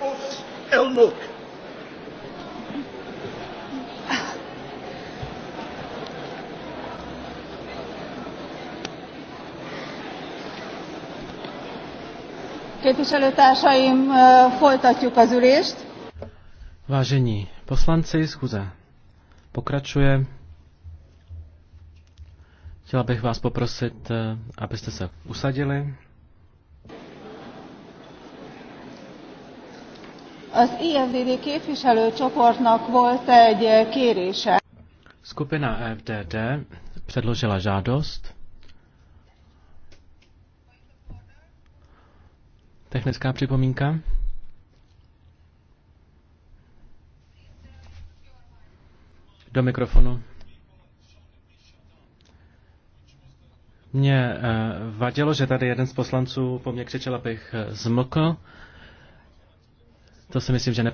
Os Elmuk. Képviselőtársaim, folytatjuk az ülést. Vážení poslanci, schůze pokračuje. Chtěla bych vás poprosit, abyste se usadili. Az IFDD képviselőcsoportnak volt egy kérése. Skupina FDD předložila žádost. Technická připomínka. Do mikrofonu. Mě eh, vadilo, že tady jeden z poslanců po mně křičel, abych eh, zmlkl. To si myslím, že ne.